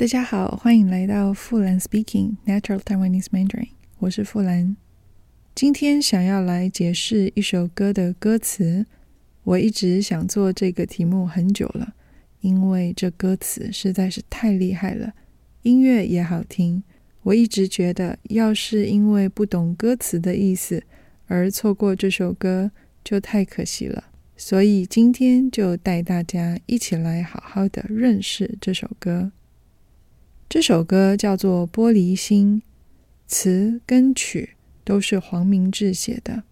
大家好，歡迎來到富蘭 Speaking Natural Taiwanese Mandarin。我是富蘭。今天想要來解釋一首歌的歌詞。我一直想做這個題目很久了，因為這歌詞實在是太厲害了，音樂也好聽。我一直覺得，要是因為不懂歌詞的意思而錯過這首歌，就太可惜了。所以今天就帶大家一起來好好的認識這首歌。這首歌叫做《玻璃心》，詞跟曲都是黃明志寫的，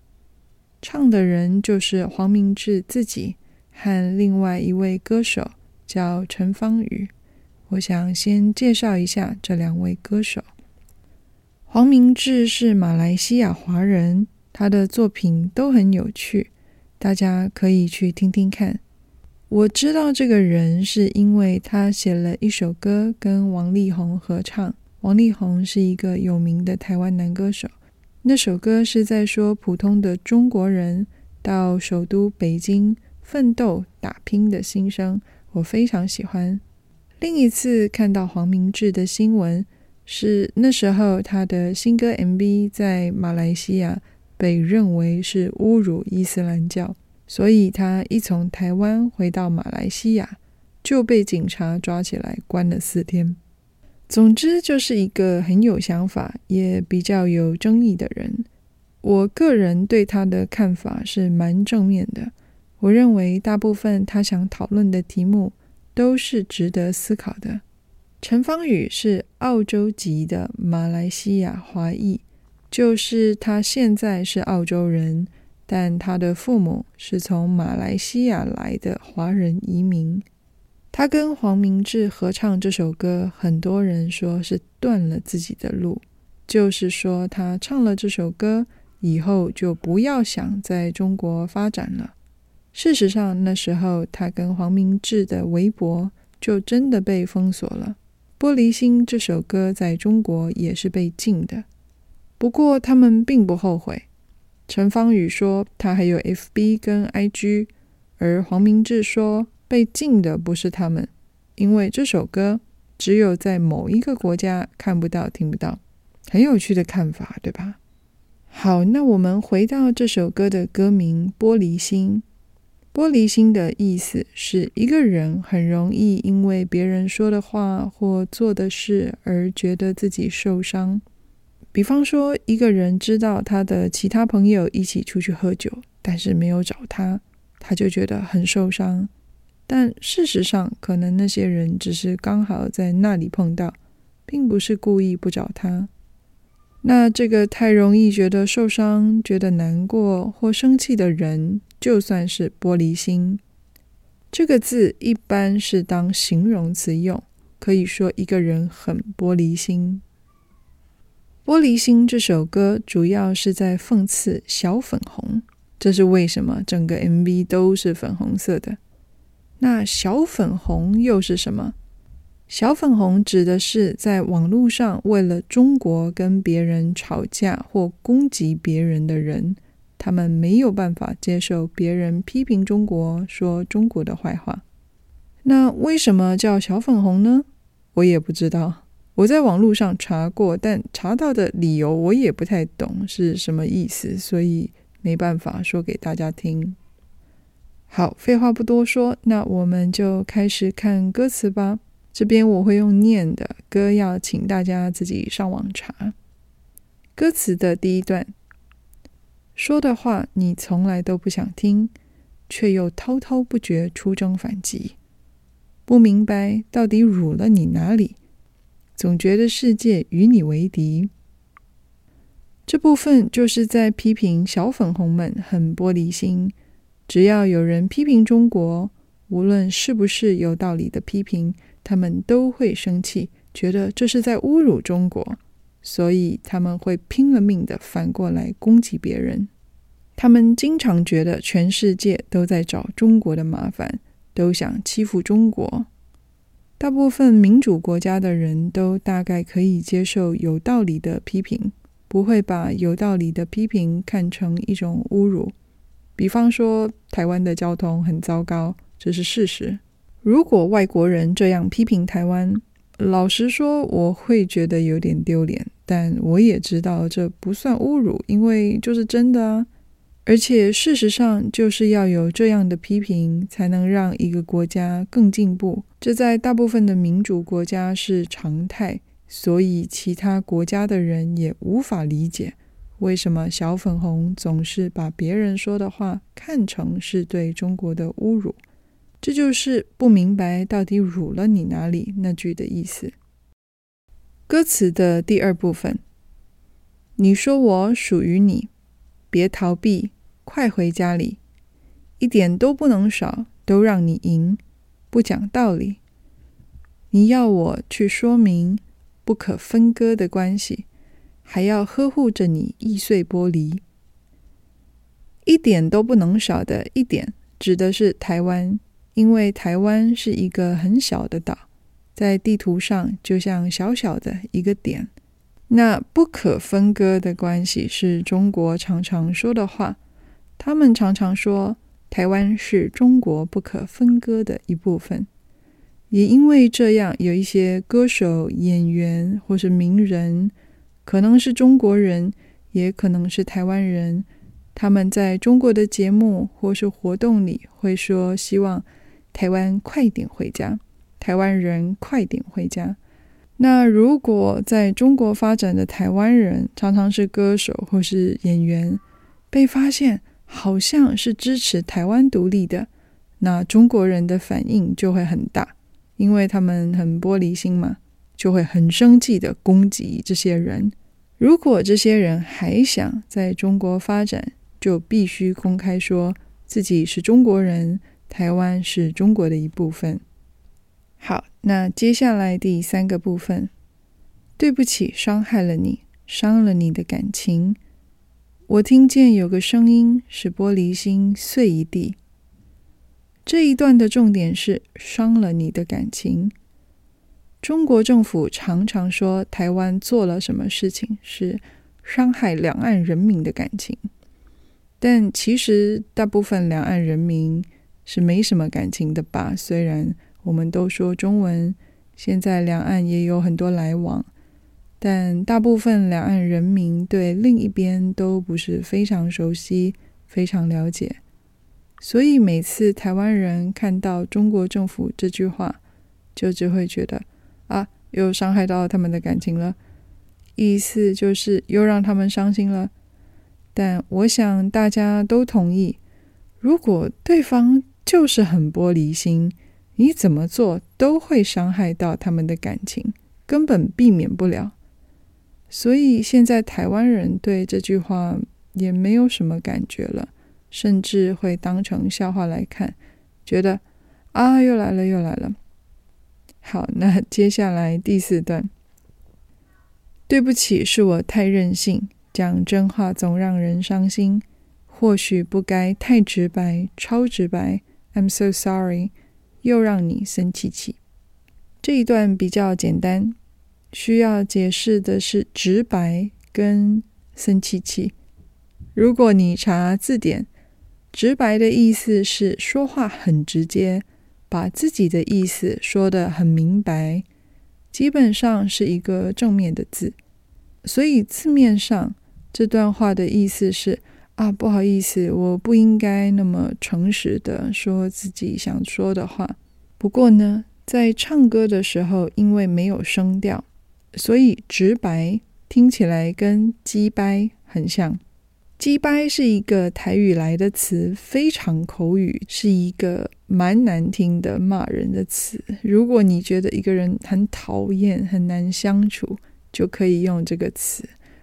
唱的人就是黃明志自己和另外一位歌手叫陳芳語，我想先介紹一下這兩位歌手。黃明志是馬來西亞華人，他的作品都很有趣，大家可以去聽聽看。我知道這個人是因為他寫了一首歌跟王力宏合唱，王力宏是一個有名的台灣男歌手。那首歌是在說普通的中國人到首都北京奮鬥打拼的心聲，我非常喜歡。另一次看到黃明志的新聞是那時候他的新歌 MV 在馬來西亞被認為是侮辱伊斯蘭教。所以他一從台灣回到馬來西亞，就被警察抓起來關了四天。總之，就是一個很有想法也比較有爭議的人。我個人對他的看法是蠻正面的。我認為大部分他想討論的題目都是值得思考的。陳芳語是澳洲籍的馬來西亞華裔，就是他現在是澳洲人。但他的父母是從馬來西亞來的華人移民。他跟黃明志合唱這首歌，很多人說是斷了自己的路，就是說他唱了這首歌以後就不要想在中國發展了。事實上，那時候他跟黃明志的微博就真的被封鎖了。《玻璃心》這首歌在中國也是被禁的，不過他們並不後悔。陳芳語說：“他還有 F B 跟 I G。”而黃明志說：“被禁的不是他們，因為這首歌只有在某一個國家看不到、聽不到。”很有趣的看法，對吧？好，那我們回到這首歌的歌名《玻璃心》。玻璃心的意思是一個人很容易因為別人說的話或做的事而覺得自己受傷。比方說，一個人知道他的其他朋友一起出去喝酒，但是沒有找他，他就覺得很受傷。但事實上，可能那些人只是剛好在那裡碰到，並不是故意不找他。那這個太容易覺得受傷、覺得難過或生氣的人，就算是玻璃心。這個字一般是當形容詞用，可以說一個人很玻璃心。《玻璃心》這首歌主要是在諷刺小粉紅，這是為什麼整個 MV 都是粉紅色的。那小粉紅又是什麼？小粉紅指的是在網絡上為了中國跟別人吵架或攻擊別人的人，他們沒有辦法接受別人批評中國，說中國的壞話。那為什麼叫小粉紅呢？我也不知道。我在網路上查過，但查到的理由我也不太懂是什麼意思，所以沒辦法說給大家聽。好，廢話不多說，那我們就開始看歌詞吧。這邊我會用念的歌，要請大家自己上網查。歌詞的第一段，說的話你從來都不想聽，卻又滔滔不絕出征反擊，不明白到底辱了你哪裡。總覺得世界與你為敵。這部分就是在批評小粉紅們很玻璃心。只要有人批評中國，無論是不是有道理的批評，他們都會生氣，覺得這是在侮辱中國，所以他們會拼了命地反過來攻擊別人。他們經常覺得全世界都在找中國的麻煩，都想欺負中國。大部分民主國家的人都大概可以接受有道理的批評，不會把有道理的批評看成一種侮辱。比方說，台灣的交通很糟糕，這是事實。如果外國人這樣批評台灣，老實說，我會覺得有點丟臉，但我也知道這不算侮辱，因為就是真的啊。而且事實上，就是要有這樣的批評，才能讓一個國家更進步。這在大部分的民主國家是常態，所以其他國家的人也無法理解，為什麼小粉紅總是把別人說的話看成是對中國的侮辱。這就是不明白到底辱了你哪裡那句的意思。歌詞的第二部分，你說我屬於你，別逃避。快回家裡，一點都不能少，都讓你贏，不講道理。你要我去說明不可分割的關係，還要呵護着你易碎玻璃，一點都不能少的一點，指的是台灣，因為台灣是一個很小的島，在地圖上就像小小的一個點。那不可分割的關係是中國常常說的話。他們常常說台灣是中國不可分割的一部分，也因為這樣，有一些歌手、演員或是名人，可能是中國人，也可能是台灣人，他們在中國的節目或是活動裡會說，希望台灣快點回家，台灣人快點回家。那如果在中國發展的台灣人，常常是歌手或是演員，被發現，好像是支持台灣獨立的，那中國人的反應就會很大，因為他們很玻璃心嘛，就會很生氣地攻擊這些人。如果這些人還想在中國發展，就必須公開說自己是中國人，台灣是中國的一部分。好，那接下來第三個部分，對不起，傷害了你，傷了你的感情。我聽見有個聲音，是玻璃心碎一地。這一段的重點是傷了你的感情。中國政府常常說台灣做了什麼事情，是傷害兩岸人民的感情，但其實大部分兩岸人民是沒什麼感情的吧？雖然我們都說中文，現在兩岸也有很多來往。但大部分兩岸人民對另一邊都不是非常熟悉，非常了解，所以每次台灣人看到中國政府這句話，就只會覺得啊，又傷害到他們的感情了，意思就是又讓他們傷心了。但我想大家都同意，如果對方就是很玻璃心，你怎麼做都會傷害到他們的感情，根本避免不了。所以現在台灣人對這句話也沒有什麼感覺了，甚至會當成笑話來看，覺得啊，又來了又來了。好，那接下來第四段。對不起，是我太任性，講真話總讓人傷心，或許不該太直白，超直白。I'm so sorry，又讓你生氣氣。這一段比較簡單。需要解釋的是“直白”跟“生氣氣”。如果你查字典，“直白”的意思是說話很直接，把自己的意思說得很明白，基本上是一個正面的字。所以字面上這段話的意思是：啊，不好意思，我不應該那麼誠實的說自己想說的話。不過呢，在唱歌的時候，因為沒有聲調。所以直白聽起來跟雞掰很像，雞掰是一個台語來的詞，非常口語，是一個蠻難聽的罵人的詞。如果你覺得一個人很討厭、很難相處，就可以用這個詞。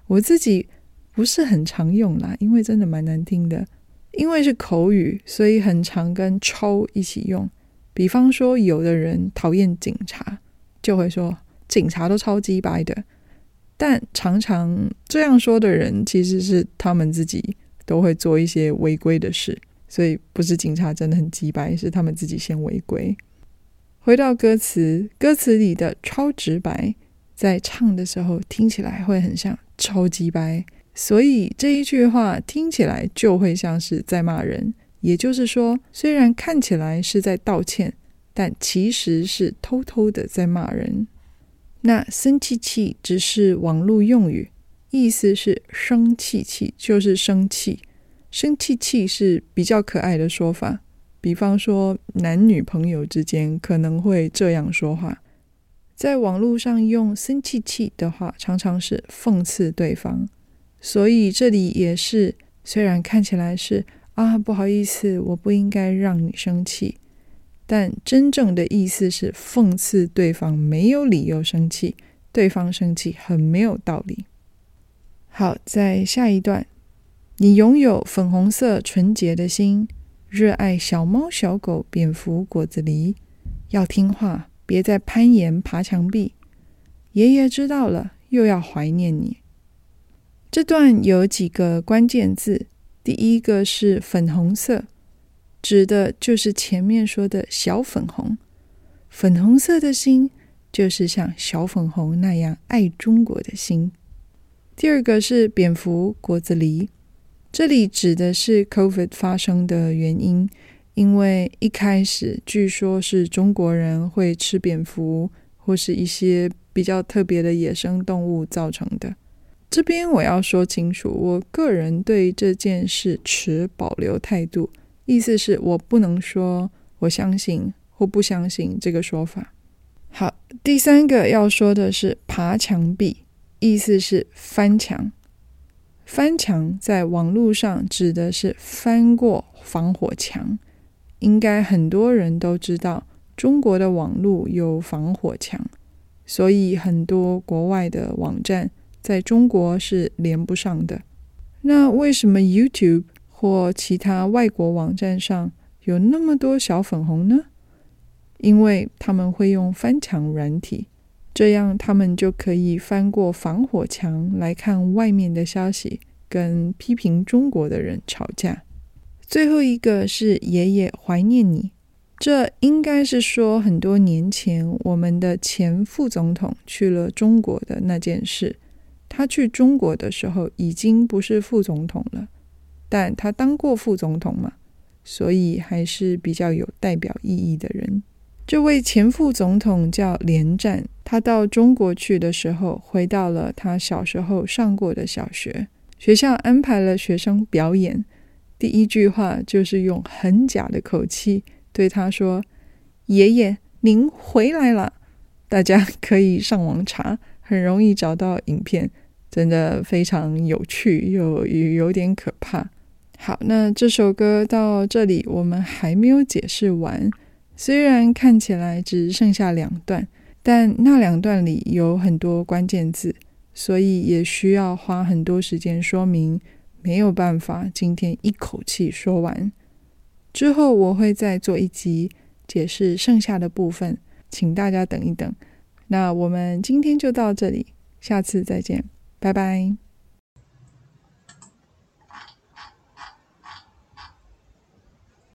我自己不是很常用啦，因為真的蠻難聽的。因為是口語，所以很常跟超一起用。比方說，有的人討厭警察，就會說。警察都超機掰的，但常常這樣說的人，其實是他們自己都會做一些違規的事，所以不是警察真的很機掰，是他們自己先違規。回到歌詞，歌詞裡的“超直白”在唱的時候聽起來會很像“超機掰”，所以這一句話聽起來就會像是在罵人。也就是說，雖然看起來是在道歉，但其實是偷偷的在罵人。那生氣氣只是網絡用語，意思是生氣氣就是生氣。生氣氣是比較可愛的說法，比方說男女朋友之間可能會這樣說話。在網絡上用生氣氣的話，常常是諷刺對方，所以這裡也是雖然看起來是啊不好意思，我不應該讓你生氣，但真正的意思是諷刺對方沒有理由生氣，對方生氣很沒有道理。好，在下一段，你擁有粉紅色純潔的心，熱愛小貓小狗蝙蝠果子狸，要聽話，別再攀岩爬牆壁。爺爺知道了，又要懷念你。這段有幾個關鍵字，第一個是粉紅色。指的就是前面說的小粉紅，粉紅色的心就是像小粉紅那樣愛中國的心。第二個是蝙蝠、果子狸，這裡指的是 COVID 發生的原因，因為一開始據說是中國人會吃蝙蝠或是一些比較特別的野生動物造成的。這邊我要說清楚，我個人對這件事持保留態度。意思是我不能說我相信或不相信這個說法。好，第三個要說的是爬牆壁，意思是翻牆。翻牆在網絡上指的是翻過防火牆，應該很多人都知道中國的網絡有防火牆，所以很多國外的網站在中國是連不上的。那為什麼 YouTube 或其他外國網站上有那麼多小粉紅呢？因為他們會用翻牆軟體，這樣他們就可以翻過防火牆來看外面的消息，跟批評中國的人吵架。最後一個是爺爺懷念你，這應該是說很多年前我們的前副總統去了中國的那件事。他去中國的時候已經不是副總統了。但他當過副總統嘛，所以還是比較有代表意義的人。這位前副總統叫連戰，他到中國去的時候，回到了他小時候上過的小學。學校安排了學生表演，第一句話就是用很假的口氣對他說：“爺爺，您回來了。”大家可以上網查，很容易找到影片，真的非常有趣，又有點可怕。好，那這首歌到這裡我們還沒有解釋完。雖然看起來只剩下兩段，但那兩段裡有很多關鍵字，所以也需要花很多時間說明，沒有辦法，今天一口氣說完。之後我會再做一集解釋剩下的部分，請大家等一等。那我們今天就到這裡，下次再見，拜拜。